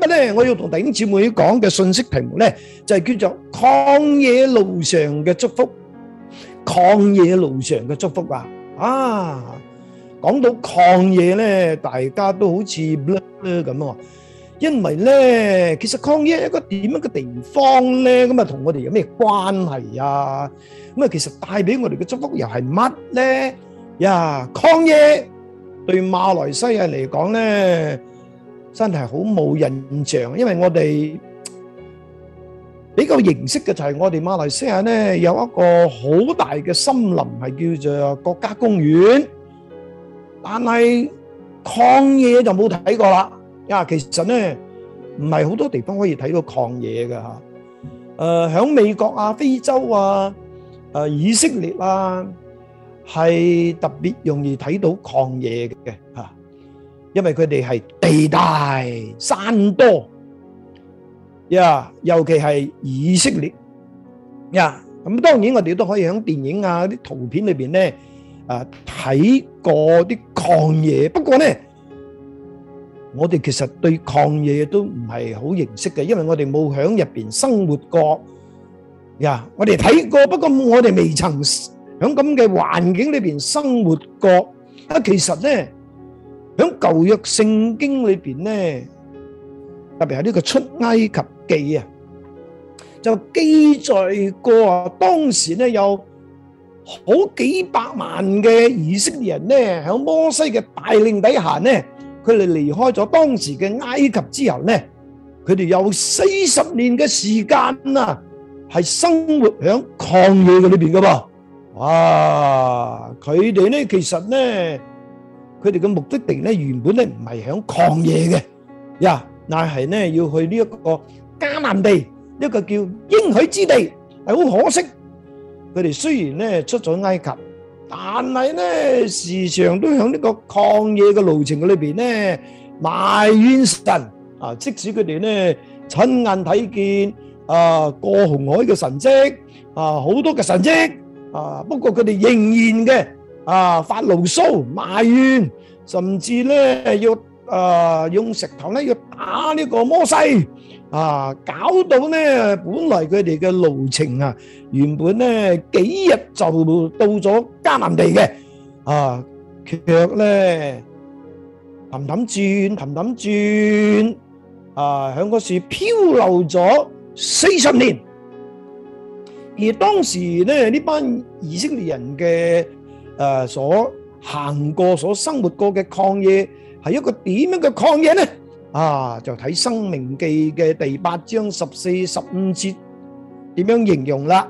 咁咧，我要同弟兄姐妹講嘅信息題目咧，就係叫做曠野路上嘅祝福，曠野路上嘅祝福啊！啊，講到曠野咧，大家都好似咁啊。因為咧，其實曠野一個點樣嘅地方咧，咁啊，同我哋有咩關係啊？咁啊，其實帶俾我哋嘅祝福又係乜咧？呀，曠野對馬來西亞嚟講咧。真係好冇印象，因為我哋比較認識嘅就係我哋馬來西亞呢有一個好大嘅森林係叫做國家公園，但係曠野就冇睇過啦。啊，其實呢唔係好多地方可以睇到曠野嘅嚇，誒喺美國啊、非洲啊、誒以色列啊，係特別容易睇到曠野嘅。因為佢哋係地大山多，呀，尤其係以色列，呀，咁當然我哋都可以喺電影啊啲圖片裏邊咧，誒睇過啲曠野，不過咧，我哋其實對曠野都唔係好認識嘅，因為我哋冇響入邊生活過，呀，我哋睇過，不過我哋未曾響咁嘅環境裏邊生活過，啊，其實咧。喺舊約聖經裏邊咧，特別係呢個出埃及記啊，就記載過當時咧，有好幾百萬嘅以色列人咧，喺摩西嘅帶領底下咧，佢哋離開咗當時嘅埃及之後咧，佢哋有四十年嘅時間啊，係生活喺曠野嘅裏邊噶噃。哇，佢哋咧其實咧～佢哋嘅目的地咧，原本咧唔係響曠野嘅，呀，但係咧要去呢一個迦南地，一個叫應許之地，係好可惜。佢哋雖然咧出咗埃及，但係咧時常都喺呢個曠野嘅路程嘅裏邊咧埋怨神啊！即使佢哋咧親眼睇見啊過紅海嘅神跡啊，好多嘅神跡啊，不過佢哋仍然嘅。啊！發牢騷、埋怨，甚至咧要誒用石頭咧要打呢個摩西，啊搞到咧本來佢哋嘅路程啊，原本咧幾日就到咗迦南地嘅，啊，卻咧氹氹轉、氹氹轉，啊響嗰時漂流咗四十年，而當時咧呢班以色列人嘅。誒，所行過、所生活過嘅曠野係一個點樣嘅曠野呢？啊，就睇《申命記》嘅第八章十四、十五節點樣形容啦。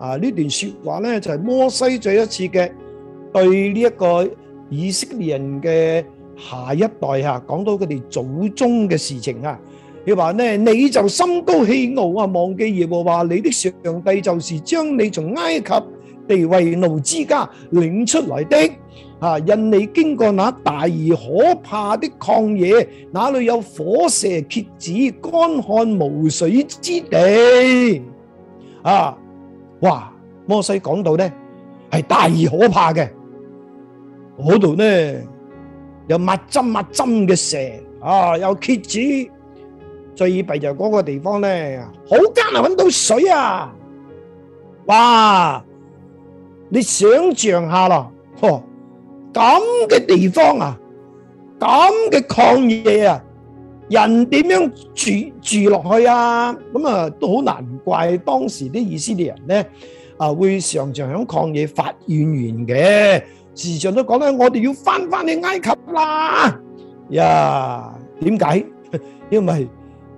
啊，呢段說話咧就係、是、摩西最一次嘅對呢一個以色列人嘅下一代吓、啊，講到佢哋祖宗嘅事情啊。佢話咧，你就心高氣傲啊，忘記耶和華你的上帝，就是將你從埃及。地為奴之家領出來的啊，引你經過那大而可怕的曠野，那裡有火蛇蠍子、乾旱無水之地。啊，哇！摩西講到呢係大而可怕嘅，嗰度呢有密針密針嘅蛇啊，有蠍子，最弊就嗰個地方呢好艱難揾到水啊！哇！你想象下啦，嗬、哦，咁嘅地方啊，咁嘅曠野啊，人點樣住住落去啊？咁啊都好難怪當時啲以色列人咧啊會常常喺曠野發怨言嘅。時常都講緊，我哋要翻翻去埃及啦。呀，點解？因為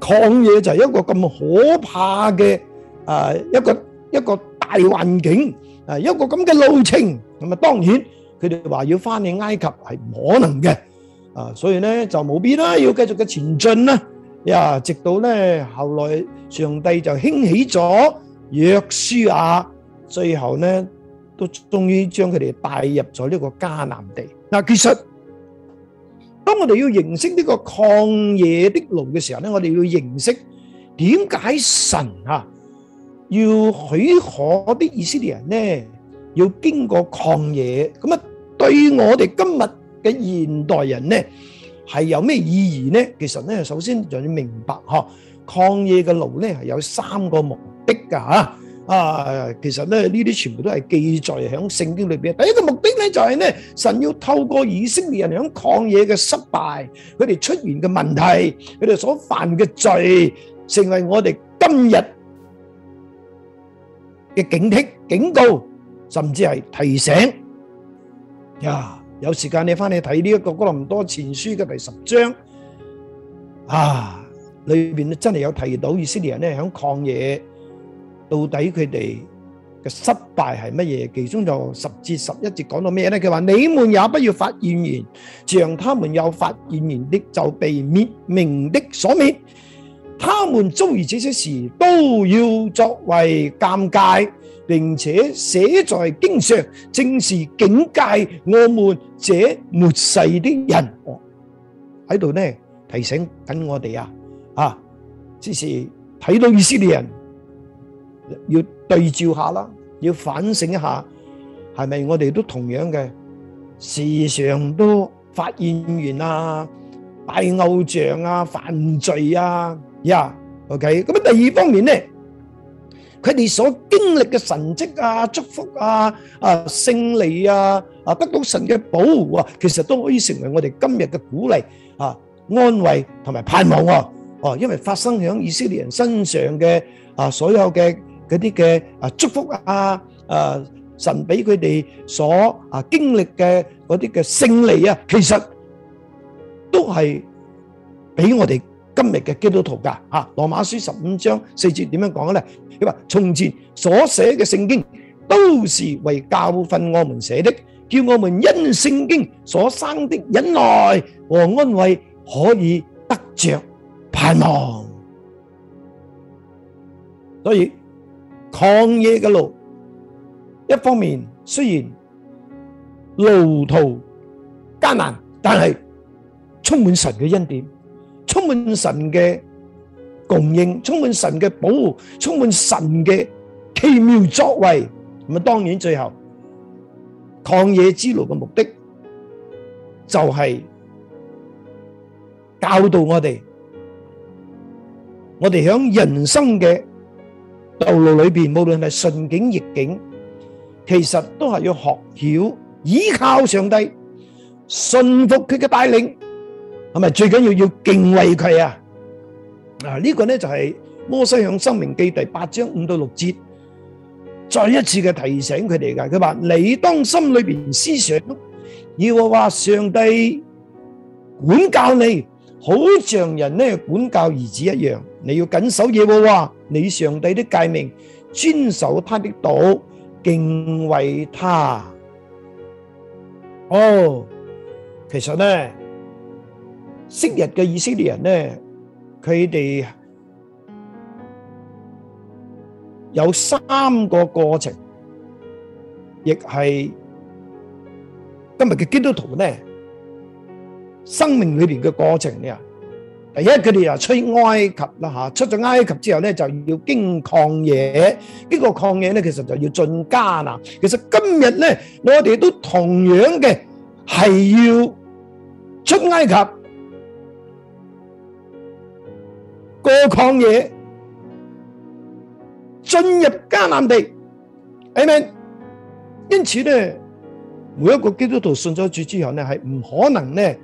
曠野就係一個咁可怕嘅啊，一個一個。大環境，誒，一個咁嘅路程，咁啊，當然佢哋話要翻去埃及係唔可能嘅，啊，所以咧就冇變啦，要繼續嘅前進啦，呀，直到咧後來上帝就興起咗約書亞，最後咧都終於將佢哋帶入咗呢個迦南地。嗱，其實當我哋要認識呢個曠野的路嘅時候咧，我哋要認識點解神啊？要許可啲以色列人呢，要經過曠野，咁啊，對我哋今日嘅現代人呢，係有咩意義呢？其實呢，首先就要明白呵，曠野嘅路呢係有三個目的㗎吓。啊，其實呢呢啲全部都係記載喺聖經裏邊。第一個目的呢就係呢，神要透過以色列人喺曠野嘅失敗，佢哋出現嘅問題，佢哋所犯嘅罪，成為我哋今日嘅警惕、警告，甚至係提醒。呀，有時間你翻去睇呢一個《哥林多前書》嘅第十章啊，裏邊咧真係有提到以色列人咧響曠野，到底佢哋嘅失敗係乜嘢？其中就十至十一節講到咩咧？佢話，你們也不要發怨言，像他們有發怨言的，就被滅命的所滅。他們遭遇這些事，都要作為鑒戒，並且寫在經上，正是警戒我們這末世的人喺度、哦、呢，提醒緊我哋啊！啊，即是睇到以色列人，要對照一下啦，要反省一下，係咪我哋都同樣嘅？時常都發怨言啊，拜偶像啊，犯罪啊。呀，OK，咁啊，第二方面咧，佢哋所經歷嘅神蹟啊、祝福啊、啊勝利啊、啊得到神嘅保護啊，其實都可以成為我哋今日嘅鼓勵啊、安慰同埋盼望啊，哦，因為發生喺以色列人身上嘅啊所有嘅嗰啲嘅啊祝福啊、啊神俾佢哋所啊經歷嘅嗰啲嘅勝利啊，其實都係俾我哋。今日嘅基督徒噶吓，《羅馬書》十五章四節點樣講咧？佢話從前所寫嘅聖經，都是為教訓我們寫的，叫我們因聖經所生的忍耐和安慰，可以得着盼望。所以曠野嘅路，一方面雖然路途艱難，但係充滿神嘅恩典。充滿神嘅供應，充滿神嘅保護，充滿神嘅奇妙作為。咁啊，當然最後曠野之路嘅目的就係教導我哋，我哋響人生嘅道路裏邊，無論係順境逆境，其實都係要學曉依靠上帝，信服佢嘅帶領。係咪最緊要要敬畏佢啊？啊呢個咧就係《摩西響生命記》第八章五到六節，再一次嘅提醒佢哋噶。佢話你當心裏邊思想，要我話上帝管教你，好像人咧管教兒子一樣，你要謹守耶和華你上帝的誡命，遵守他的道，敬畏他。哦，其實咧。昔日嘅以色列人咧，佢哋有三個過程，亦係今日嘅基督徒咧生命裏邊嘅過程呀。第一，佢哋又出埃及啦嚇，出咗埃及之後咧，就要經曠野。經過曠野咧，其實就要進迦南。其實今日咧，我哋都同樣嘅，係要出埃及。要曠野進入迦南地，阿妹，因此咧，每一個基督徒信咗主之後咧，係唔可能咧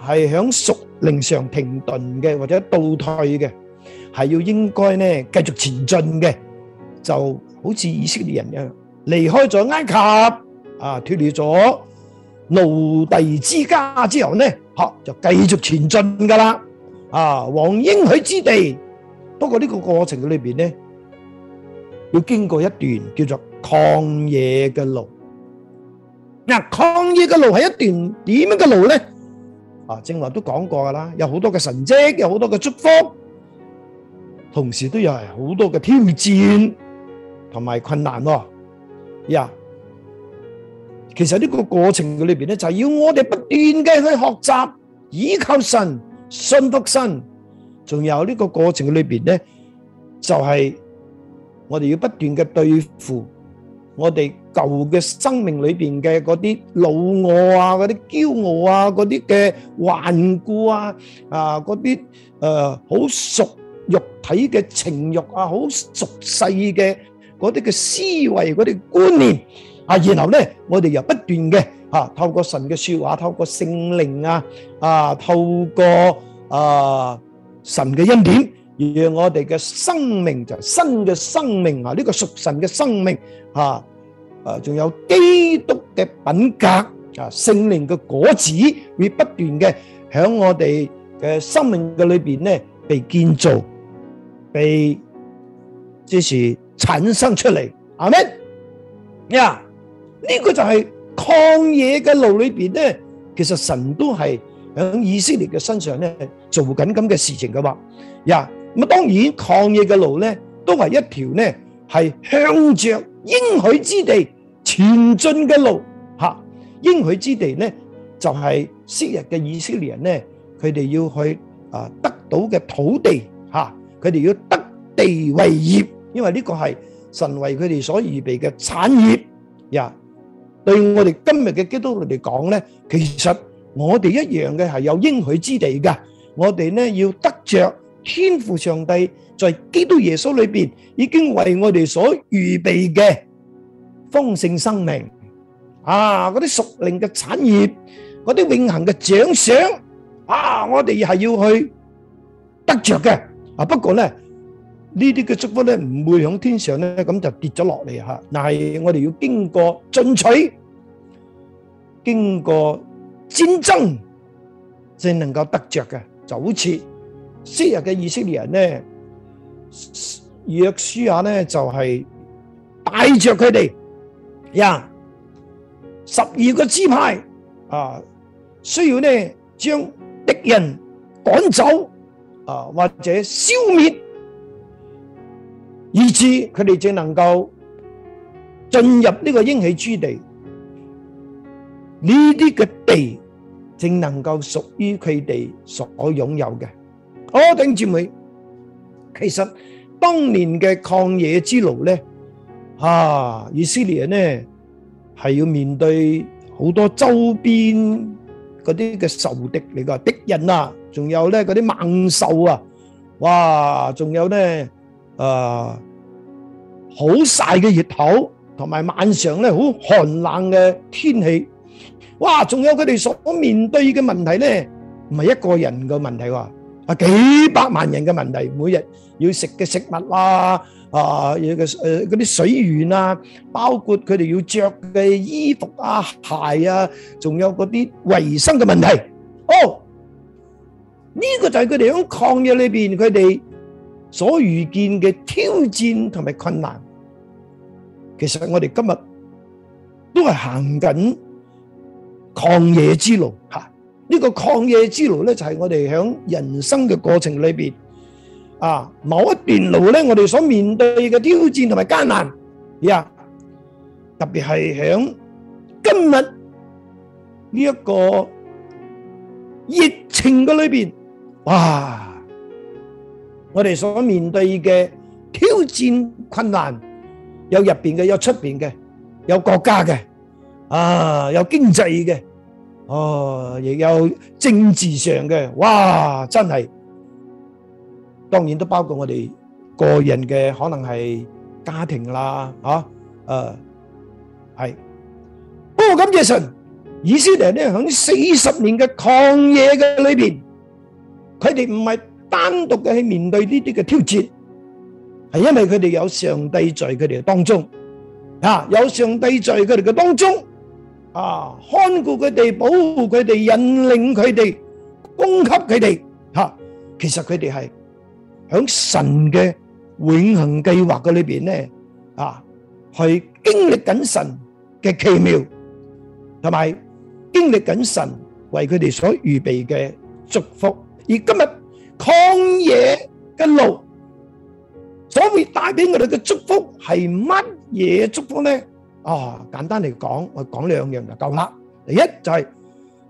係響屬靈上停頓嘅，或者倒退嘅，係要應該咧繼續前進嘅，就好似以色列人一樣，離開咗埃及啊，脫離咗奴隸之家之後咧，嗬就繼續前進噶啦。啊，往應許之地，不過呢個過程嘅裏邊咧，要經過一段叫做曠野嘅路。嗱，曠野嘅路係一段點樣嘅路咧？啊，正話都講過噶啦，有好多嘅神蹟，有好多嘅祝福，同時都有好多嘅挑戰同埋困難咯。呀，其實呢個過程嘅裏邊咧，就係要我哋不斷嘅去學習，倚靠神。新復新，仲有呢個過程裏邊咧，就係我哋要不斷嘅對付我哋舊嘅生命裏邊嘅嗰啲老我啊，嗰啲驕傲啊，嗰啲嘅頑固啊，啊嗰啲誒好熟肉體嘅情慾啊，好俗世嘅嗰啲嘅思維嗰啲觀念啊，然後咧我哋又不斷嘅。啊！透過神嘅說話，透過聖靈啊啊，透過啊神嘅恩典，讓我哋嘅生命就係新嘅生命啊！呢個屬神嘅生命啊！誒，仲有基督嘅品格啊，聖靈嘅果子會不斷嘅響我哋嘅生命嘅裏邊呢，被建造，被支持產生出嚟。阿門呀！呢個就係。曠野嘅路裏邊咧，其實神都係喺以色列嘅身上咧做緊咁嘅事情嘅話，呀咁啊當然曠野嘅路咧都係一條咧係向着應許之地前進嘅路吓，應許之地咧就係昔日嘅以色列人咧，佢哋要去啊得到嘅土地吓，佢哋要得地為業，因為呢個係神為佢哋所預備嘅產業呀。對我哋今日嘅基督徒嚟講咧，其實我哋一樣嘅係有應許之地噶。我哋咧要得着天父上帝在基督耶穌裏面已經為我哋所預備嘅豐盛生命啊！嗰啲屬靈嘅產業，嗰啲永恒嘅獎賞啊！我哋係要去得着嘅啊。不過咧。呢啲嘅祝福咧，唔會響天上咧，咁就跌咗落嚟吓。但係我哋要經過進取，經過戰爭，先能夠得著嘅。就好似昔日嘅以色列人咧，約書亞咧就係帶著佢哋呀十二個支派啊，需要咧將敵人趕走啊，或者消滅。以致佢哋正能夠進入呢個應許之地，呢啲嘅地正能夠屬於佢哋所擁有嘅。好，頂姊妹，其實當年嘅曠野之路咧，啊，以色列人咧係要面對好多周邊嗰啲嘅仇敵嚟噶，敵人啊，仲有咧嗰啲猛獸啊，哇，仲有咧。誒，好曬嘅熱頭，同埋晚上咧好寒冷嘅天氣，哇！仲有佢哋所面對嘅問題咧，唔係一個人嘅問題喎，啊，幾百萬人嘅問題，每日要食嘅食物啊，啊，嘅誒嗰啲水源啊，包括佢哋要着嘅衣服啊、鞋啊，仲有嗰啲衛生嘅問題，哦，呢、這個就係佢哋喺曠野裏邊佢哋。所遇見嘅挑戰同埋困難，其實我哋今日都係行緊曠野之路吓。呢個曠野之路咧，就係我哋響人生嘅過程裏邊啊，某一段路咧，我哋所面對嘅挑戰同埋艱難，呀，特別係響今日呢一個疫情嘅裏邊，哇！我哋所面對嘅挑戰困難，有入邊嘅，有出邊嘅，有國家嘅，啊，有經濟嘅，哦、啊，亦有政治上嘅，哇，真係，當然都包括我哋個人嘅，可能係家庭啦，啊，誒、啊，係，不過感謝神，以色列呢響四十年嘅曠野嘅裏邊，佢哋唔係。單獨嘅去面對呢啲嘅挑戰，係因為佢哋有上帝在佢哋當中，啊，有上帝在佢哋嘅當中，啊，看顧佢哋，保護佢哋，引領佢哋，供給佢哋，吓，其實佢哋係響神嘅永恒計劃嘅裏邊咧，啊，去經歷緊神嘅奇妙，同埋經歷緊神為佢哋所預備嘅祝福，而今日。曠野嘅路，所會帶俾我哋嘅祝福係乜嘢祝福呢？哦，簡單嚟講，我講兩樣就夠啦。第一就係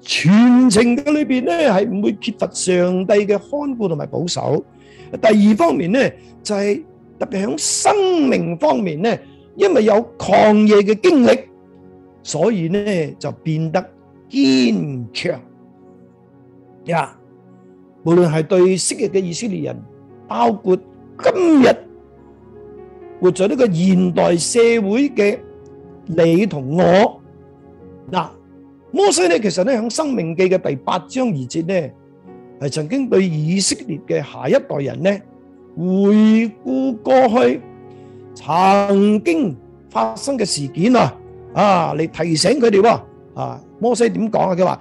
全程嘅裏邊呢，係唔會缺乏上帝嘅看護同埋保守。第二方面呢，就係特別響生命方面呢，因為有曠野嘅經歷，所以呢就變得堅強呀。無論係對昔日嘅以色列人，包括今日活在呢個現代社會嘅你同我，嗱，摩西咧其實咧響《在申命記》嘅第八章二節咧，係曾經對以色列嘅下一代人呢，回顧過去曾經發生嘅事件啊，啊，你提醒佢哋喎，啊，摩西點講啊？佢話。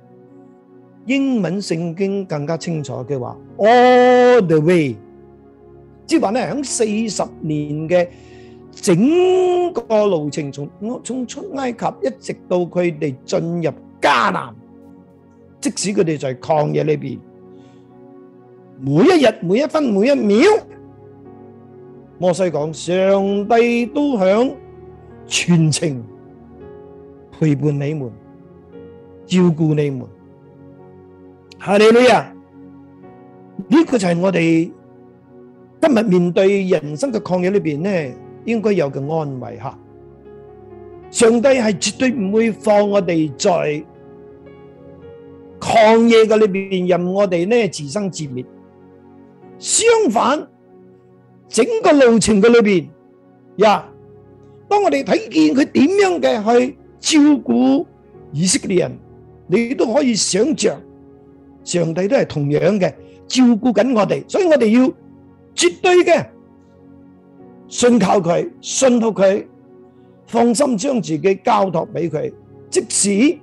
英文聖經更加清楚嘅話，all the way，即係話咧，響四十年嘅整個路程，從從出埃及一直到佢哋進入迦南，即使佢哋在曠野裏邊，每一日每一分每一秒，摩西講，上帝都響全程陪伴你們，照顧你們。係你女啊？呢、這個就係我哋今日面對人生嘅曠野裏邊呢，應該有嘅安慰吓。上帝係絕對唔會放我哋在曠野嘅裏邊任我哋呢自生自滅。相反，整個路程嘅裏邊，呀，當我哋睇見佢點樣嘅去照顧以色列人，你都可以想象，上帝都係同樣嘅照顧緊我哋，所以我哋要絕對嘅信靠佢、信服佢，放心將自己交託俾佢，即使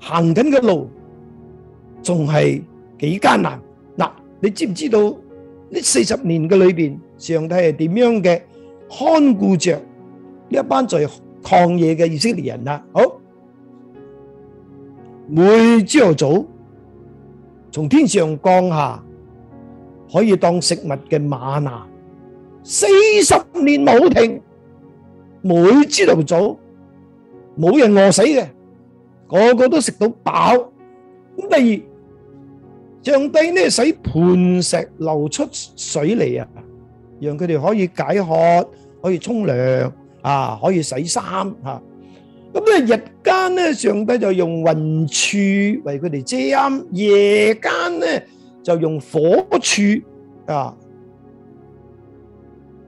行緊嘅路仲係幾艱難。嗱，你知唔知道呢四十年嘅裏邊，上帝係點樣嘅看顧着呢一班在曠野嘅以色列人啊？好。每朝頭早從天上降下可以當食物嘅瑪拿，四十年冇停，每朝頭早冇人餓死嘅，個個都食到飽。咁第二，上帝呢使磐石流出水嚟啊，讓佢哋可以解渴，可以沖涼啊，可以洗衫啊。咁啊，日間咧，上帝就用雲柱為佢哋遮蔭；夜間咧，就用火柱啊，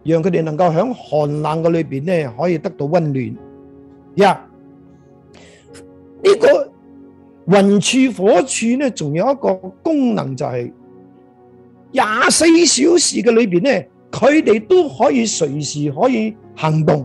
讓佢哋能夠響寒冷嘅裏邊咧，可以得到溫暖。啊，呢個雲柱火柱咧，仲有一個功能就係廿四小時嘅裏邊咧，佢哋都可以隨時可以行動。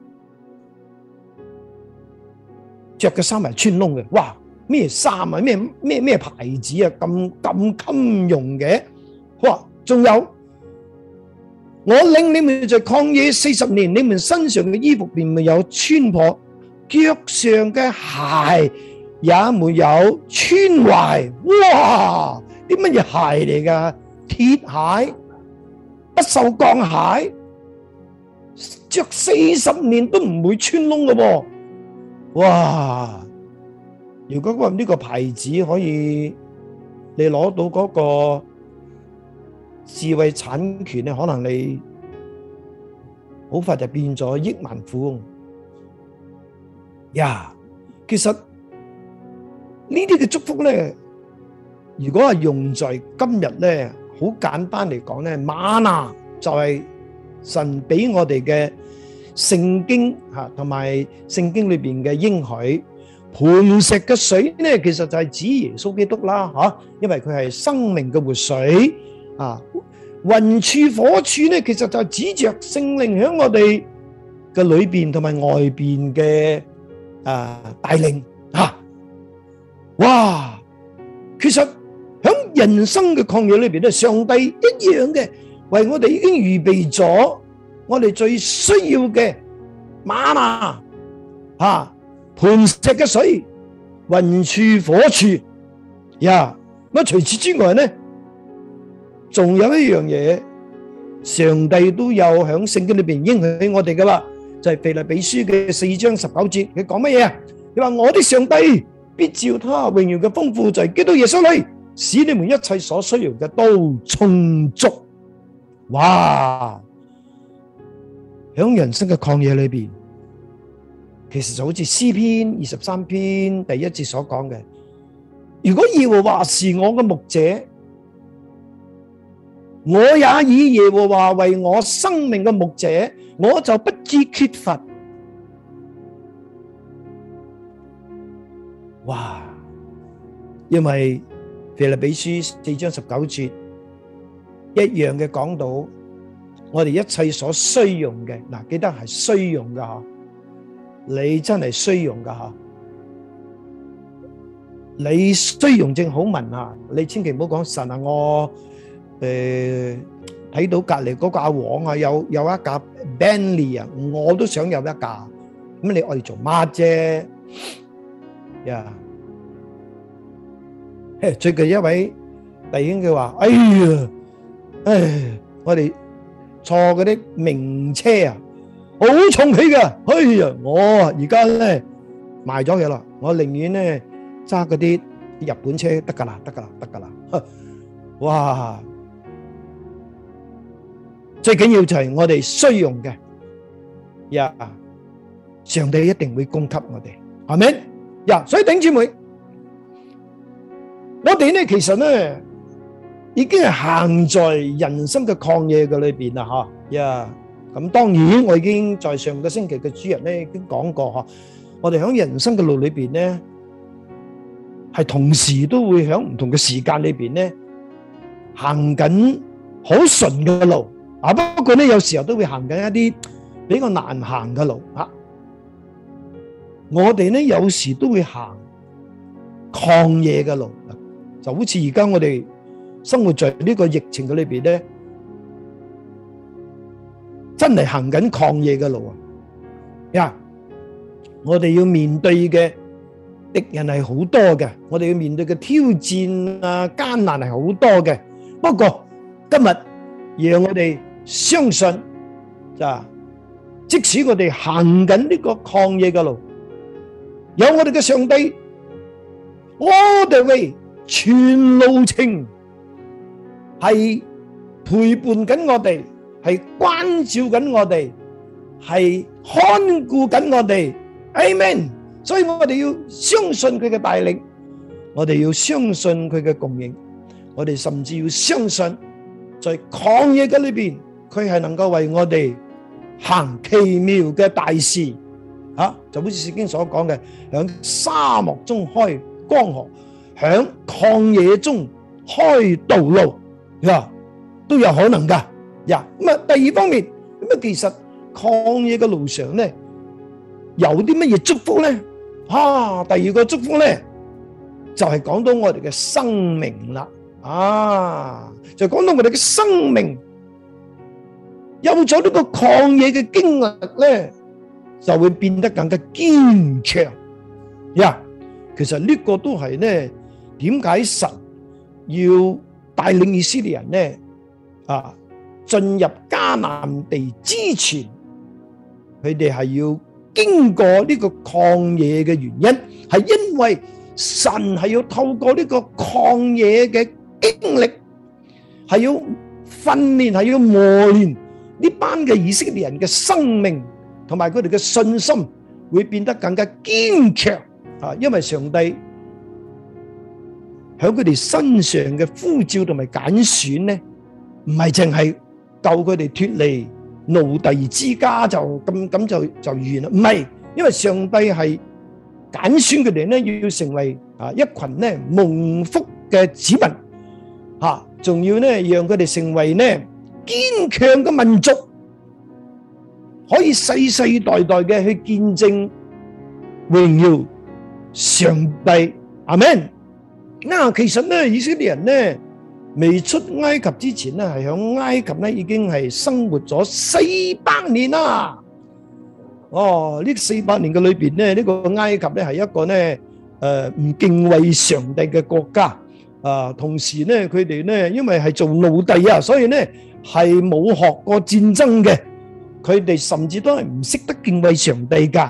着嘅衫係穿窿嘅，哇！咩衫啊？咩咩咩牌子啊？咁咁襟用嘅，哇！仲有，我領你們在曠野四十年，你們身上嘅衣服並沒有穿破，腳上嘅鞋也沒有穿壞，哇！啲乜嘢鞋嚟噶？鐵鞋、不銹鋼鞋，着四十年都唔會穿窿嘅噃。哇！如果話呢個牌子可以，你攞到嗰個智慧產權咧，可能你好快就變咗億萬富翁。呀、yeah！其實呢啲嘅祝福咧，如果係用在今日咧，好簡單嚟講咧，嗎哪就係神俾我哋嘅。聖經吓，同埋聖經裏邊嘅應許，磐石嘅水呢，其實就係指耶穌基督啦吓，因為佢係生命嘅活水啊。雲柱火柱呢，其實就係指着聖靈喺我哋嘅裏邊同埋外邊嘅啊帶領吓。哇，其實喺人生嘅曠野裏邊呢，上帝一樣嘅為我哋已經預備咗。我哋最需要嘅馬啊，啊盤石嘅水，雲柱火柱呀！咁、啊、除此之外咧，仲有一樣嘢，上帝都有喺聖經裏邊應許起我哋噶啦，就係、是、腓立比書嘅四章十九節，佢講乜嘢啊？佢話我的上帝必照他榮耀嘅豐富，就在基督耶穌裏，使你們一切所需要嘅都充足。哇！喺人生嘅曠野裏邊，其實就好似詩篇二十三篇第一節所講嘅，如果耶和華是我嘅牧者，我也以耶和華為我生命嘅牧者，我就不知缺乏。哇！因為腓立比書四章十九節一樣嘅講到。我哋一切所需用嘅，嗱，記得係需用嘅嗬，你真係需用嘅嗬，你需用正好問下，你千祈唔好講神啊，我誒睇到隔籬嗰架王啊，有有一架 Benly 啊，我都想有一架，咁你愛嚟做乜啫？呀，最近一位弟兄佢話，哎呀，唉，我哋。坐嗰啲名車啊，好重氣㗎。哎呀，我而家咧賣咗佢啦，我寧願咧揸嗰啲日本車得噶啦，得噶啦，得噶啦。哇，最緊要就係我哋需要用嘅，呀，上帝一定會供給我哋，係咪？呀，所以弟兄姊妹，我哋咧其實咧。已經係行在人生嘅曠野嘅裏邊啦，吓呀！咁當然，我已經在上個星期嘅主日咧都講過，嗬，我哋喺人生嘅路裏邊咧，係同時都會喺唔同嘅時間裏邊咧行緊好順嘅路啊。不過咧，有時候都會行緊一啲比較難行嘅路啊。我哋咧有時都會行曠野嘅路，就好似而家我哋。生活在呢個疫情嘅裏邊咧，真係行緊曠野嘅路啊！我哋要面對嘅敵人係好多嘅，我哋要面對嘅挑戰啊艱難係好多嘅。不過今日讓我哋相信，就即使我哋行緊呢個曠野嘅路，有我哋嘅上帝，我哋會全路程。係陪伴緊我哋，係關照緊我哋，係看顧緊我哋。Amen。所以我哋要相信佢嘅帶領，我哋要相信佢嘅供應，我哋甚至要相信在曠野嘅裏邊，佢係能夠為我哋行奇妙嘅大事。嚇，就好似聖經所講嘅，響沙漠中開江河，響曠野中開道路。呀，yeah，都有可能噶呀。咁啊，第二方面咁啊，其實曠野嘅路上咧，有啲乜嘢祝福咧？啊，第二個祝福咧，就係、是、講到我哋嘅生命啦。啊，就講到我哋嘅生命，有咗呢個曠野嘅經歷咧，就會變得更加堅強。呀、yeah.，其實呢個都係咧，點解神要？帶領以色列人咧，啊，進入迦南地之前，佢哋係要經過呢個曠野嘅原因，係因為神係要透過呢個曠野嘅經歷，係要訓練，係要磨練呢班嘅以色列人嘅生命，同埋佢哋嘅信心會變得更加堅強啊！因為上帝。喺佢哋身上嘅呼召同埋揀選咧，唔係淨係救佢哋脫離奴隸之家就咁咁就就完啦。唔係，因為上帝係揀選佢哋咧，要成為啊一群咧蒙福嘅子民，吓，仲要咧讓佢哋成為咧堅強嘅民族，可以世世代代嘅去見證榮耀上帝。阿門。嗱，其實咧，以色列人咧未出埃及之前咧，係喺埃及咧已經係生活咗四百年啦。哦，呢四百年嘅裏邊咧，呢個埃及咧係一個咧，誒唔敬畏上帝嘅國家。啊，同時咧，佢哋咧因為係做奴隸啊，所以咧係冇學過戰爭嘅，佢哋甚至都係唔識得敬畏上帝㗎。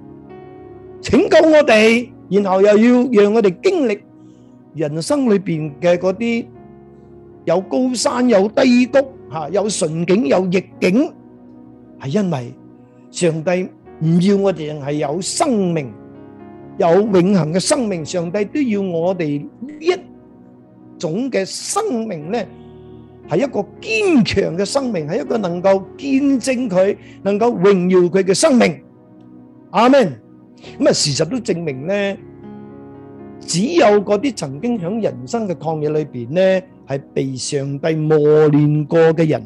拯救我哋，然後又要讓我哋經歷人生裏邊嘅嗰啲有高山有低谷吓，有順境有逆境，係因為上帝唔要我哋係有生命，有永恒嘅生命。上帝都要我哋呢一種嘅生命咧，係一個堅強嘅生命，係一個能夠見證佢，能夠榮耀佢嘅生命。阿門。咁啊，事實都證明咧，只有嗰啲曾經響人生嘅抗逆裏邊咧，係被上帝磨練過嘅人，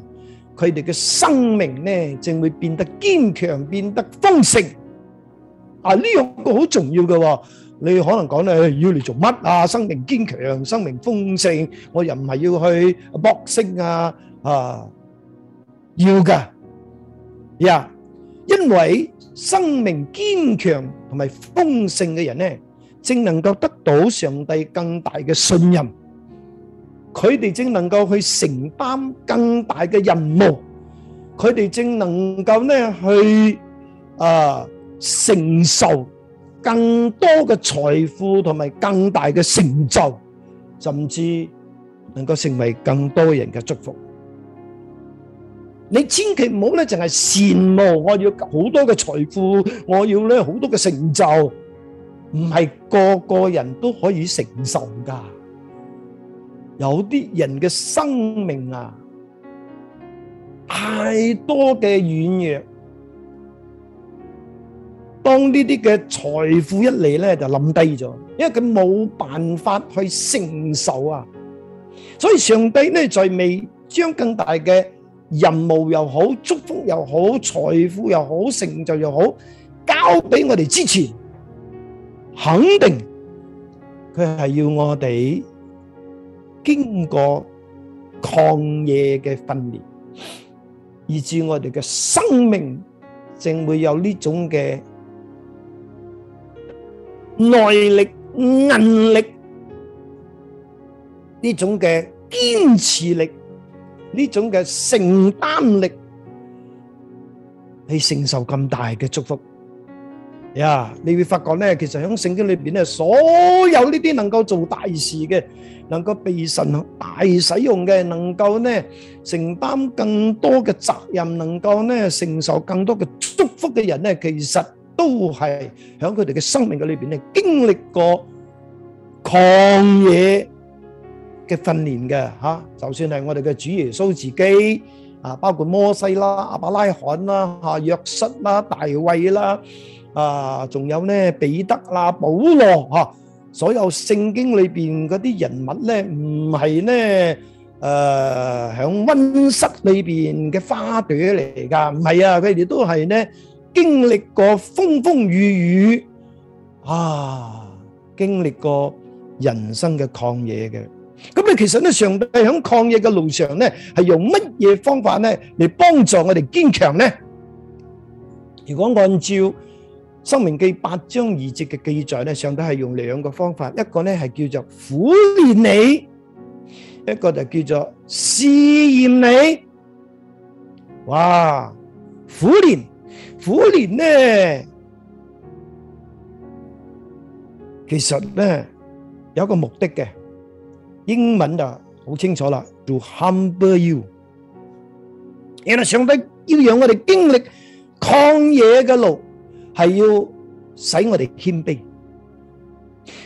佢哋嘅生命咧，正會變得堅強，變得豐盛。啊，呢樣個好重要嘅，你可能講咧，你要嚟做乜啊？生命堅強，生命豐盛，我又唔係要去搏升啊，啊，要噶，呀，因為。生命堅強同埋豐盛嘅人呢，正能夠得到上帝更大嘅信任，佢哋正能夠去承擔更大嘅任務，佢哋正能夠呢去啊承受更多嘅財富同埋更大嘅成就，甚至能夠成為更多人嘅祝福。你千祈唔好咧，淨係羨慕我要好多嘅財富，我要咧好多嘅成就，唔係個個人都可以承受噶。有啲人嘅生命啊，太多嘅軟弱，當呢啲嘅財富一嚟咧就冧低咗，因為佢冇辦法去承受啊。所以上帝咧，就未將更大嘅。任務又好，祝福又好，財富又好，成就又好，交俾我哋支持，肯定佢係要我哋經過抗夜嘅訓練，以至我哋嘅生命正會有呢種嘅耐力、韌力，呢種嘅堅持力。呢種嘅承擔力，你承受咁大嘅祝福呀！Yeah, 你會發覺咧，其實喺聖經裏邊咧，所有呢啲能夠做大事嘅，能夠被神大使用嘅，能夠咧承擔更多嘅責任，能夠咧承受更多嘅祝福嘅人咧，其實都係喺佢哋嘅生命嘅裏邊咧經歷過曠野，嘅訓練嘅吓，就算係我哋嘅主耶穌自己啊，包括摩西啦、亞伯拉罕啦、吓約瑟啦、大衛啦，啊，仲有咧彼得啦、保羅吓、啊，所有聖經裏邊嗰啲人物咧，唔係呢誒，喺、呃、溫室裏邊嘅花朵嚟噶，唔係啊，佢哋都係呢經歷過風風雨雨啊，經歷過人生嘅曠野嘅。咁你其實咧，上帝喺抗疫嘅路上咧，係用乜嘢方法咧嚟幫助我哋堅強咧？如果按照《申命記》八章二節嘅記載咧，上帝係用兩個方法，一個咧係叫做苦煉你，一個就叫做試驗你。哇！苦煉苦煉咧，其實咧有個目的嘅。英文就好清楚啦，to humble you。原來上帝要讓我哋經歷曠野嘅路，係要使我哋謙卑，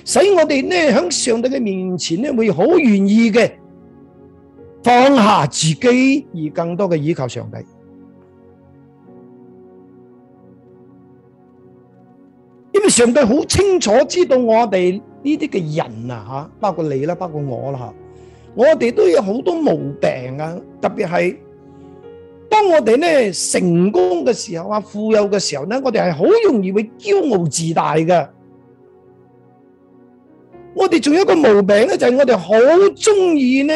使我哋呢響上帝嘅面前呢會好願意嘅放下自己而更多嘅依靠上帝。咁上帝好清楚知道我哋呢啲嘅人啊吓，包括你啦，包括我啦吓，我哋都有好多毛病啊！特別係當我哋呢成功嘅時候啊，富有嘅時候呢，我哋係好容易會驕傲自大嘅。我哋仲有一個毛病呢，就係、是、我哋好中意呢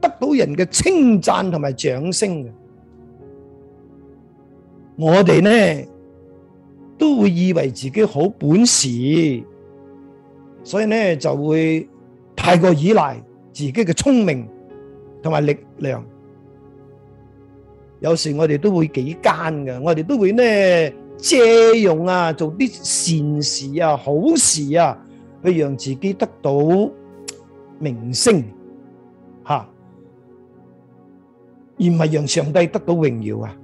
得到人嘅稱讚同埋掌聲嘅。我哋呢，都會以為自己好本事，所以呢就會太過依賴自己嘅聰明同埋力量。有時我哋都會幾奸嘅，我哋都會呢借用啊做啲善事啊好事啊，去讓自己得到名聲吓、啊，而唔係讓上帝得到榮耀啊！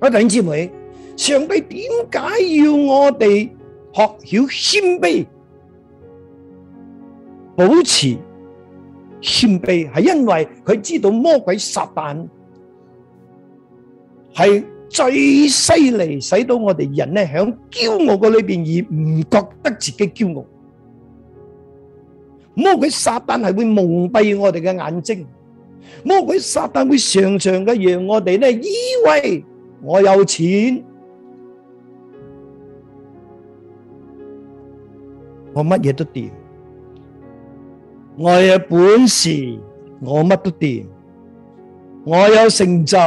我弟兄姊妹。上帝點解要我哋學曉謙卑，保持謙卑，係因為佢知道魔鬼撒旦係最犀利，使到我哋人咧響驕傲個裏邊而唔覺得自己驕傲。魔鬼撒旦係會蒙蔽我哋嘅眼睛，魔鬼撒旦會常常嘅讓我哋呢，以為我有錢。我乜嘢都掂，我有本事我乜都掂，我有成就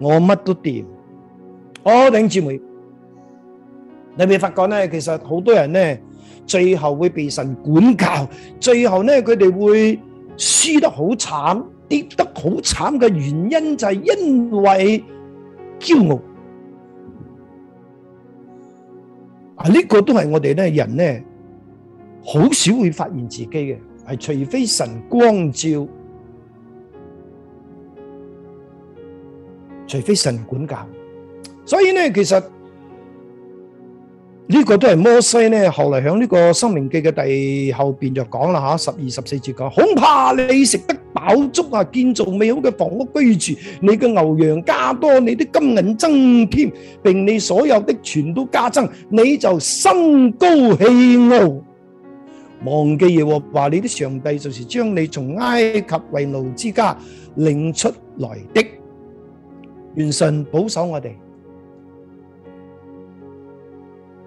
我乜都掂。哦，弟兄姊妹，你未發覺呢？其實好多人呢，最後會被神管教，最後呢佢哋會輸得好慘，跌得好慘嘅原因就係因為驕傲。啊！呢個都係我哋咧人咧，好少會發現自己嘅，係除非神光照，除非神管教，所以呢其實。呢個都係摩西呢，後嚟響呢個《申命記》嘅第後邊就講啦吓，十二十四節講，恐怕你食得飽足啊，建造美好嘅房屋居住，你嘅牛羊加多，你啲金銀增添，並你所有的全都加增，你就心高氣傲，忘記耶和華你啲上帝，就是將你從埃及為奴之家領出來的，願神保守我哋。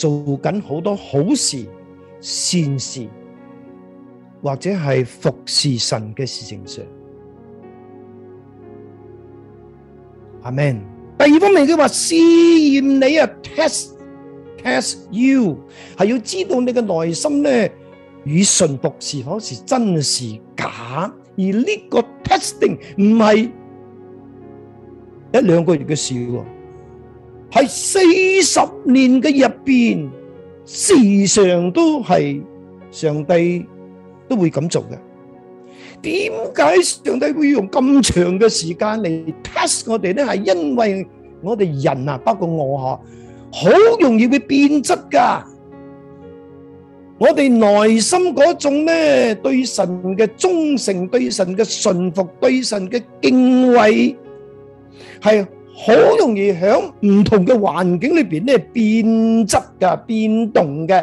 做緊好多好事、善事，或者係服侍神嘅事情上，阿門。第二方面佢話試驗你啊，test test you，係要知道你嘅內心咧，與信服是否是真是假，而呢個 testing 唔係一兩個月嘅事。喺四十年嘅入邊，時常都係上帝都會咁做嘅。點解上帝會用咁長嘅時間嚟 test 我哋咧？係因為我哋人啊，包括我嗬，好容易會變質噶。我哋內心嗰種咧，對神嘅忠誠、對神嘅順服、對神嘅敬畏，係。好容易喺唔同嘅環境裏邊咧變質噶、變動嘅，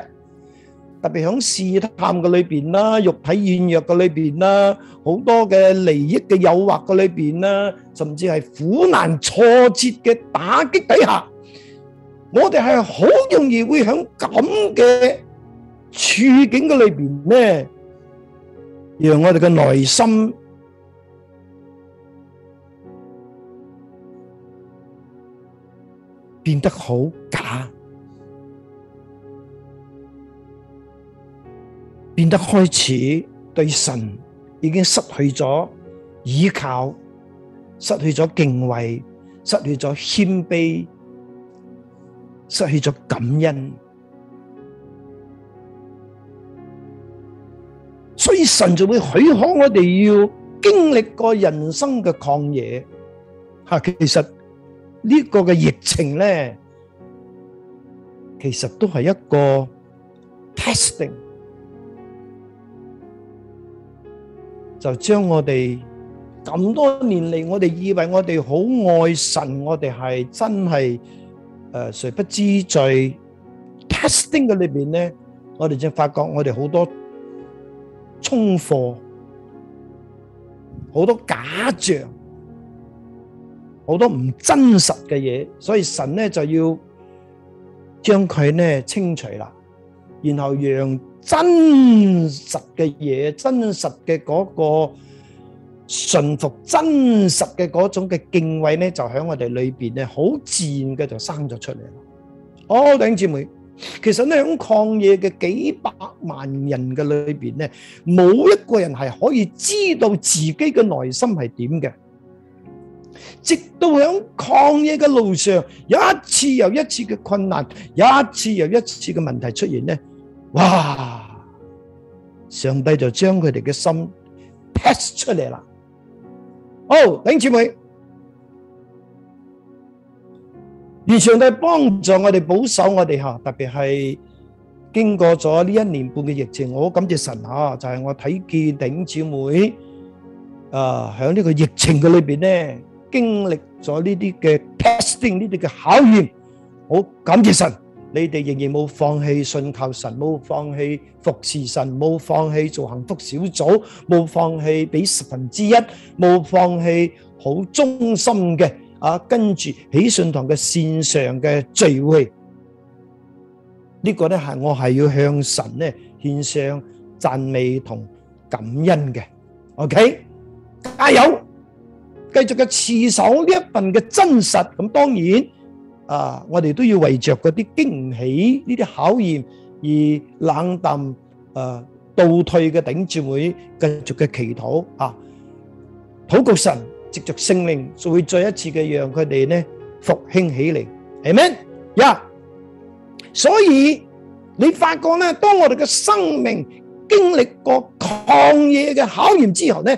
特別喺試探嘅裏邊啦、肉體軟弱嘅裏邊啦、好多嘅利益嘅誘惑嘅裏邊啦，甚至係苦難、挫折嘅打擊底下，我哋係好容易會喺咁嘅處境嘅裏邊咧，讓我哋嘅內心，變得好假，變得開始對神已經失去咗依靠，失去咗敬畏，失去咗謙卑，失去咗感恩，所以神就會許可我哋要經歷過人生嘅曠野。吓，其實。呢個嘅疫情咧，其實都係一個 testing，就將我哋咁多年嚟，我哋以為我哋好愛神，我哋係真係誒、呃，誰不知在 testing 嘅裏邊咧，我哋就發覺我哋好多沖貨，好多假象。好多唔真實嘅嘢，所以神咧就要將佢咧清除啦，然後讓真實嘅嘢、真實嘅嗰個順服、真實嘅嗰種嘅敬畏咧，就喺我哋裏邊咧，好自然嘅就生咗出嚟啦。哦，弟兄姊妹，其實喺曠野嘅幾百萬人嘅裏邊咧，冇一個人係可以知道自己嘅內心係點嘅。直到喺抗疫嘅路上，有一次又一次嘅困難，有一次又一次嘅問題出現咧，哇！上帝就將佢哋嘅心 pass 出嚟啦。哦頂姊妹，而上帝幫助我哋保守我哋吓，特別係經過咗呢一年半嘅疫情，我好感謝神吓，就係我睇見頂姊妹誒喺呢個疫情嘅裏邊咧。經歷咗呢啲嘅 testing，呢啲嘅考驗，好感謝神，你哋仍然冇放棄信靠神，冇放棄服侍神，冇放棄做幸福小組，冇放棄俾十分之一，冇放棄好忠心嘅啊，跟住喜信堂嘅綫上嘅聚會，呢個咧係我係要向神咧獻上讚美同感恩嘅，OK，加油。繼續嘅持守呢一份嘅真實，咁當然啊，我哋都要為着嗰啲經唔起呢啲考驗而冷淡誒、啊、倒退嘅頂住會繼續嘅祈禱啊，禱告神藉着聖靈就會再一次嘅讓佢哋呢復興起嚟，係咩？呀，所以你發覺咧，當我哋嘅生命經歷過曠野嘅考驗之後咧。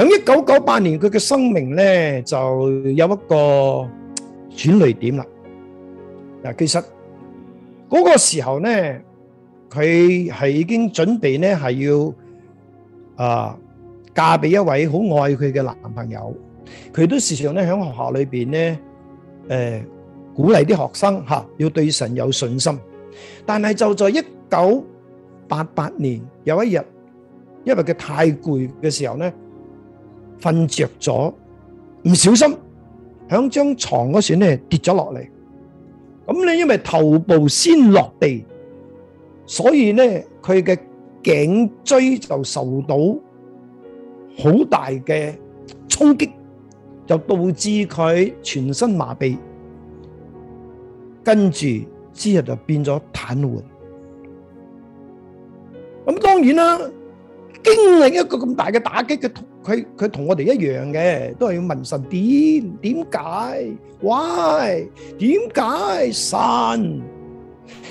喺一九九八年，佢嘅生命咧就有一個轉捩點啦。嗱，其實嗰個時候咧，佢係已經準備咧係要啊嫁俾一位好愛佢嘅男朋友。佢都時常咧喺學校裏邊咧，誒鼓勵啲學生吓要對神有信心。但係就在一九八八年有一日，因為佢太攰嘅時候咧。瞓着咗，唔小心響張床嗰時咧跌咗落嚟，咁咧因為頭部先落地，所以咧佢嘅頸椎就受到好大嘅衝擊，就導致佢全身麻痹，跟住之後就變咗癱瘓。咁當然啦。經歷一個咁大嘅打擊嘅，佢佢同我哋一樣嘅，都係要問神點點解？Why？點解神？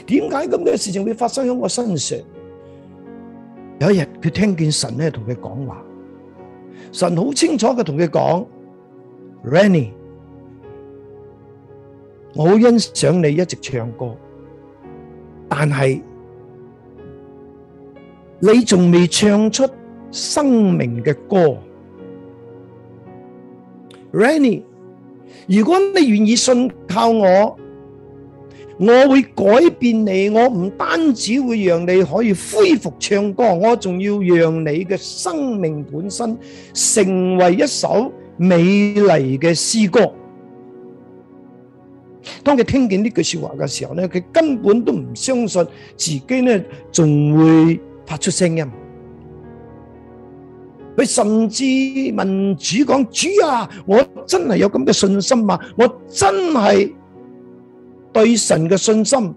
點解咁嘅事情會發生喺我身上？有一日佢聽見神咧同佢講話，神好清楚嘅同佢講，Renny，我好欣賞你一直唱歌，但係。你仲未唱出生命嘅歌，Renny。Ie, 如果你願意信靠我，我會改變你。我唔單止會讓你可以恢復唱歌，我仲要讓你嘅生命本身成為一首美麗嘅詩歌。當佢聽見呢句說話嘅時候咧，佢根本都唔相信自己呢仲會。發出聲音，佢甚至問主講：主啊，我真係有咁嘅信心嗎？我真係對神嘅信心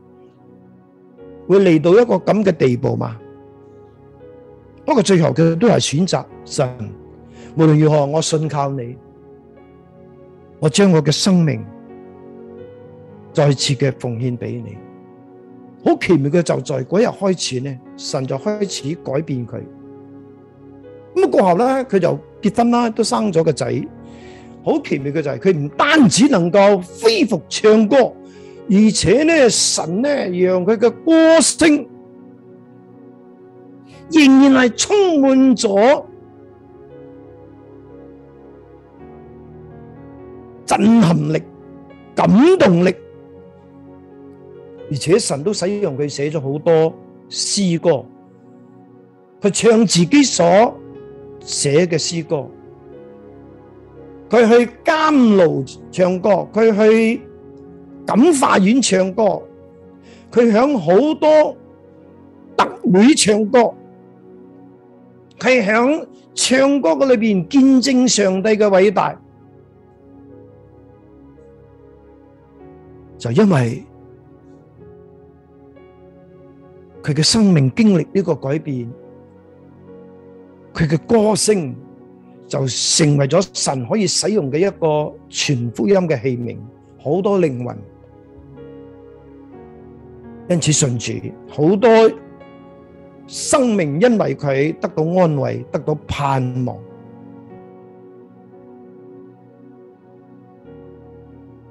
會嚟到一個咁嘅地步嗎？不過最後佢都係選擇神，無論如何，我信靠你，我將我嘅生命再次嘅奉獻俾你。好奇妙嘅就在嗰日開始呢，神就開始改變佢。咁啊過後咧，佢就結婚啦，都生咗個仔。好奇妙嘅就係佢唔單止能夠恢復唱歌，而且呢，神呢讓佢嘅歌聲仍然係充滿咗震撼力、感動力。而且神都使用佢寫咗好多詩歌，佢唱自己所寫嘅詩歌，佢去監牢唱歌，佢去感化院唱歌，佢響好多特會唱歌，佢響唱歌嘅裏邊見證上帝嘅偉大，就因為。佢嘅生命經歷呢個改變，佢嘅歌聲就成為咗神可以使用嘅一個傳福音嘅器皿，好多靈魂因此信主，好多生命因為佢得到安慰，得到盼望。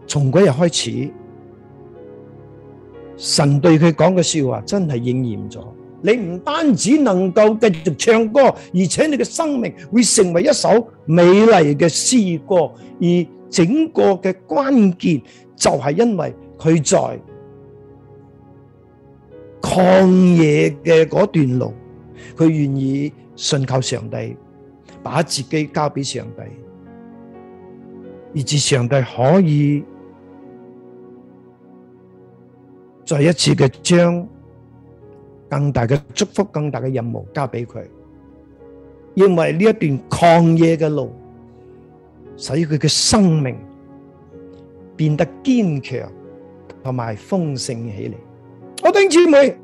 從嗰日開始。神對佢講嘅說話真係應驗咗，你唔單止能夠繼續唱歌，而且你嘅生命會成為一首美麗嘅詩歌。而整個嘅關鍵就係因為佢在曠野嘅嗰段路，佢願意信靠上帝，把自己交俾上帝，以至上帝可以。再一次嘅將更大嘅祝福，更大嘅任務交俾佢，因為呢一段曠野嘅路，使佢嘅生命變得堅強同埋豐盛起嚟。我哋讚美。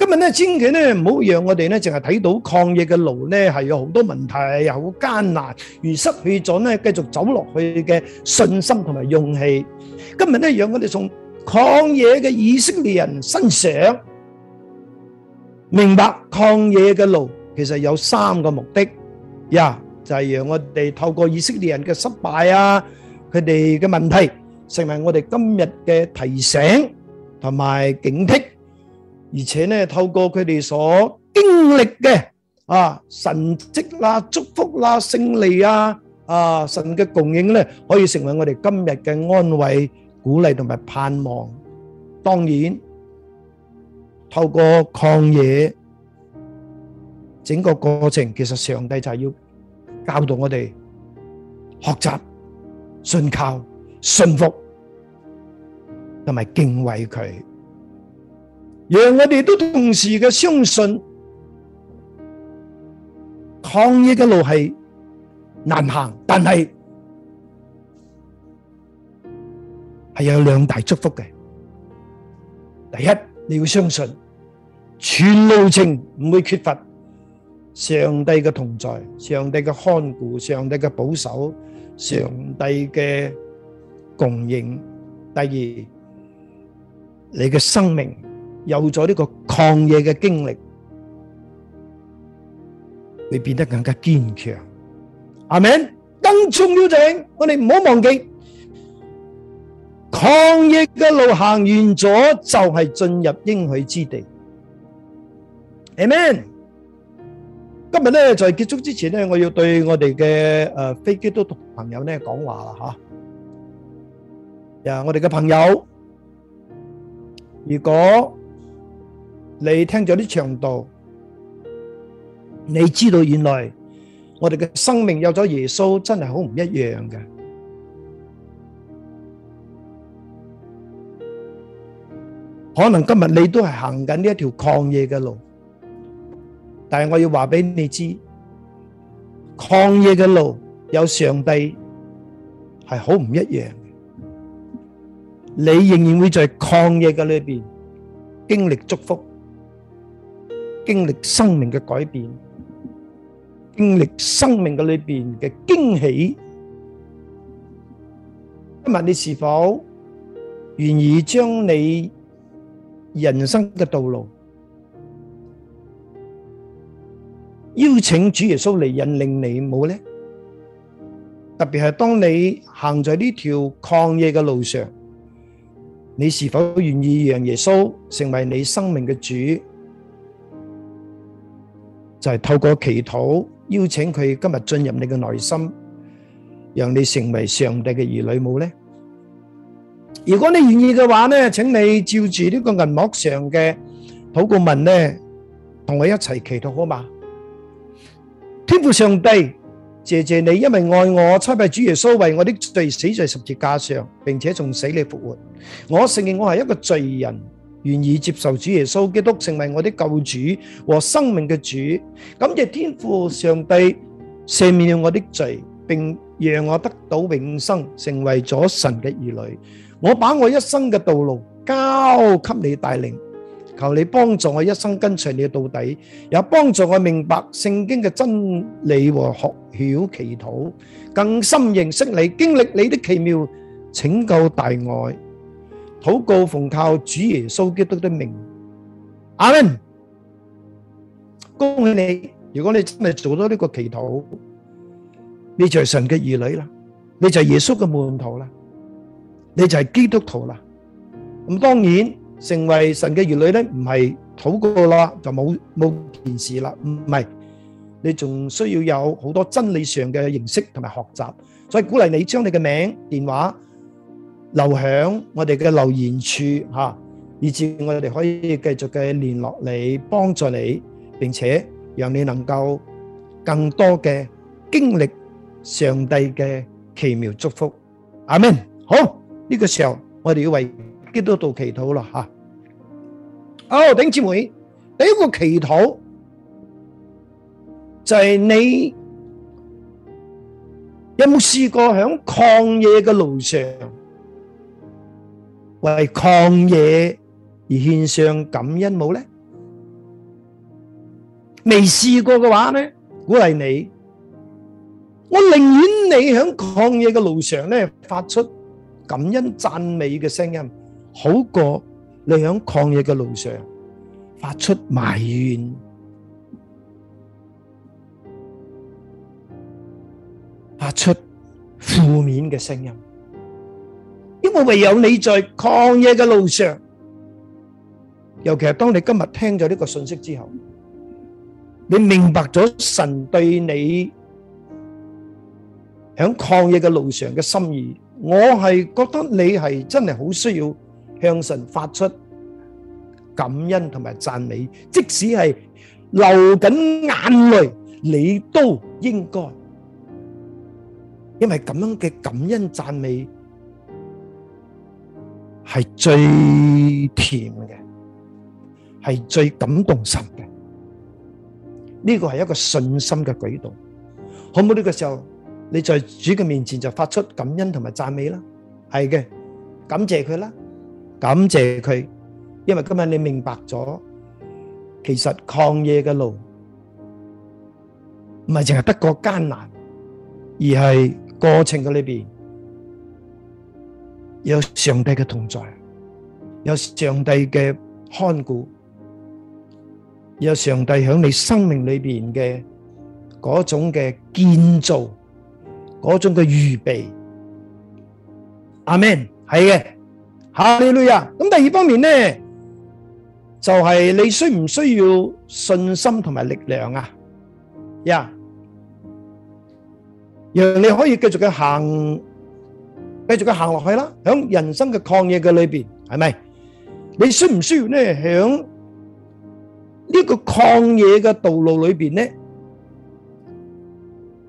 今日咧，千祈咧唔好讓我哋咧淨係睇到曠野嘅路咧係有好多問題，又好艱難，而失去咗咧繼續走落去嘅信心同埋勇氣。今日咧，讓我哋從曠野嘅以色列人身上，明白曠野嘅路其實有三個目的，呀，就係讓我哋透過以色列人嘅失敗啊，佢哋嘅問題，成為我哋今日嘅提醒同埋警惕。而且呢，透過佢哋所經歷嘅啊神蹟啦、祝福啦、勝利啊、啊神嘅供應呢，可以成為我哋今日嘅安慰、鼓勵同埋盼望。當然，透過曠野整個過程，其實上帝就係要教導我哋學習信靠、信服同埋敬畏佢。讓我哋都同時嘅相信，抗疫嘅路係難行，但係係有兩大祝福嘅。第一，你要相信全路程唔會缺乏上帝嘅同在，上帝嘅看顧，上帝嘅保守，上帝嘅供應。第二，你嘅生命。有咗呢個抗疫嘅經歷，你變得更加堅強。阿們，更重要就係我哋唔好忘記抗疫嘅路行完咗，就係進入應許之地。阿們，今日咧在結束之前咧，我要對我哋嘅誒非基督徒朋友咧講話啦吓。呀，我哋嘅朋友，如果你聽咗啲長度，你知道原來我哋嘅生命有咗耶穌，真係好唔一樣嘅。可能今日你都係行緊呢一條曠野嘅路，但係我要話俾你知，曠野嘅路有上帝係好唔一樣。你仍然會在曠野嘅裡邊經歷祝福。經歷生命嘅改變，經歷生命嘅裏邊嘅驚喜，今日你是否願意將你人生嘅道路邀請主耶穌嚟引領你冇呢？特別係當你行在呢條曠野嘅路上，你是否願意讓耶穌成為你生命嘅主？就係透過祈禱邀請佢今日進入你嘅內心，讓你成為上帝嘅兒女母呢。如果你願意嘅話呢，請你照住呢個銀幕上嘅禱告文呢，同我一齊祈禱好嘛？天父上帝，謝謝你，因為愛我，差派主耶穌為我的罪死在十字架上，並且從死裏復活。我承認我係一個罪人。願意接受主耶穌基督成為我的救主和生命嘅主，感謝天父上帝赦免了我的罪，並讓我得到永生，成為咗神嘅兒女。我把我一生嘅道路交給你帶領，求你幫助我一生跟隨你到底，也幫助我明白聖經嘅真理和學曉祈禱，更深認識你，經歷你的奇妙拯救大愛。禱告奉靠主耶穌基督的名，阿門。恭喜你，如果你真係做咗呢個祈禱，你就係神嘅兒女啦，你就係耶穌嘅門徒啦，你就係基督徒啦。咁當然，成為神嘅兒女咧，唔係禱告啦就冇冇件事啦，唔係，你仲需要有好多真理上嘅認識同埋學習。所以鼓勵你將你嘅名、電話。留響我哋嘅留言處吓，以至我哋可以繼續嘅聯絡你，幫助你，並且讓你能夠更多嘅經歷上帝嘅奇妙祝福。阿門。好，呢個時候我哋要為基督道祈禱啦吓。哦，丁姊妹，第一個祈禱就係你有冇試過響曠野嘅路上？為抗野而獻上感恩舞咧，未試過嘅話咧，鼓勵你，我寧願你喺抗野嘅路上咧，發出感恩讚美嘅聲音，好過你喺抗野嘅路上發出埋怨、發出負面嘅聲音。因為唯有你在曠野嘅路上，尤其係當你今日聽咗呢個信息之後，你明白咗神對你響曠野嘅路上嘅心意，我係覺得你係真係好需要向神發出感恩同埋讚美，即使係流緊眼淚，你都應該，因為咁樣嘅感恩讚美。係最甜嘅，係最感動神嘅。呢個係一個信心嘅舉動。好唔好？呢個時候，你在主嘅面前就發出感恩同埋讚美啦。係嘅，感謝佢啦，感謝佢，因為今日你明白咗，其實曠野嘅路唔係淨係得個艱難，而係過程嘅裏邊。有上帝嘅同在，有上帝嘅看顧，有上帝響你生命裏邊嘅嗰種嘅建造，嗰種嘅預備。阿門，係嘅。下呢類啊，咁第二方面咧，就係、是、你需唔需要信心同埋力量啊？呀，讓你可以繼續嘅行。繼續佢行落去啦，響人生嘅曠野嘅裏邊，係咪？你需唔需要咧？響呢個曠野嘅道路裏邊咧，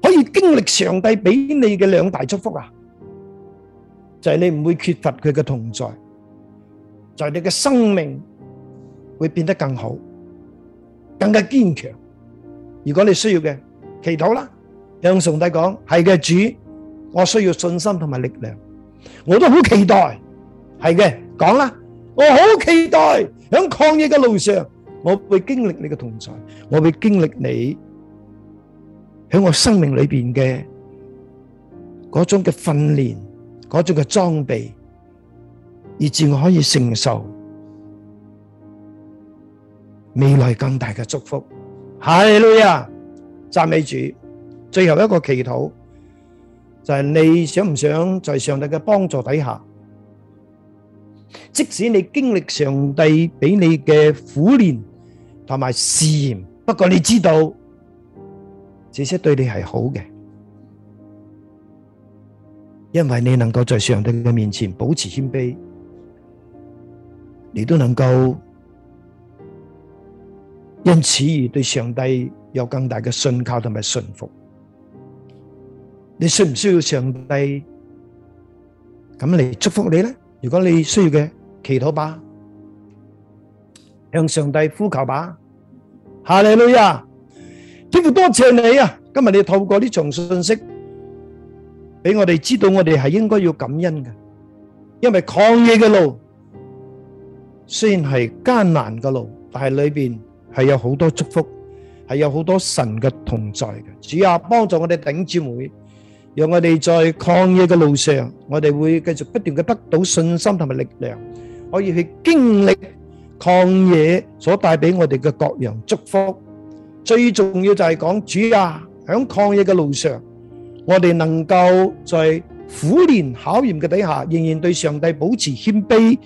可以經歷上帝俾你嘅兩大祝福啊！就係你唔會缺乏佢嘅同在，就係你嘅生命會變得更好，更加堅強。如果你需要嘅，祈禱啦，向上帝講，係嘅主，我需要信心同埋力量。我都好期待，係嘅，講啦。我好期待喺抗疫嘅路上，我會經歷你嘅同在，我會經歷你喺我生命裏邊嘅嗰種嘅訓練，嗰種嘅裝備，以致我可以承受未來更大嘅祝福。係囉啊，讚美主，最後一個祈禱。就係你想唔想在上帝嘅幫助底下，即使你經歷上帝俾你嘅苦練同埋試驗，不過你知道，這些對你係好嘅，因為你能夠在上帝嘅面前保持謙卑，你都能夠因此而對上帝有更大嘅信靠同埋信服？你需唔需要上帝咁嚟祝福你咧？如果你需要嘅，祈禱吧，向上帝呼求吧。哈利路亞，天父多謝你啊！今日你透過呢場信息，俾我哋知道我哋係應該要感恩嘅，因為抗疫嘅路雖然係艱難嘅路，但係裏邊係有好多祝福，係有好多神嘅同在嘅。主啊，幫助我哋頂住會。讓我哋在抗疫嘅路上，我哋會繼續不斷嘅得到信心同埋力量，可以去經歷抗疫所帶俾我哋嘅各樣祝福。最重要就係講主啊，響抗疫嘅路上，我哋能夠在苦難考驗嘅底下，仍然對上帝保持謙卑，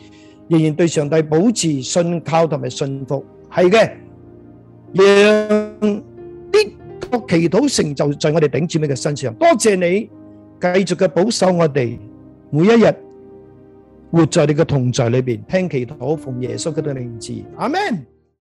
仍然對上帝保持信靠同埋信服。係嘅，耶。我祈禱成就在我哋頂住你嘅身上，多謝你繼續嘅保守我哋，每一日活在你嘅同在裏邊，聽祈禱，奉耶穌嘅名字，阿門。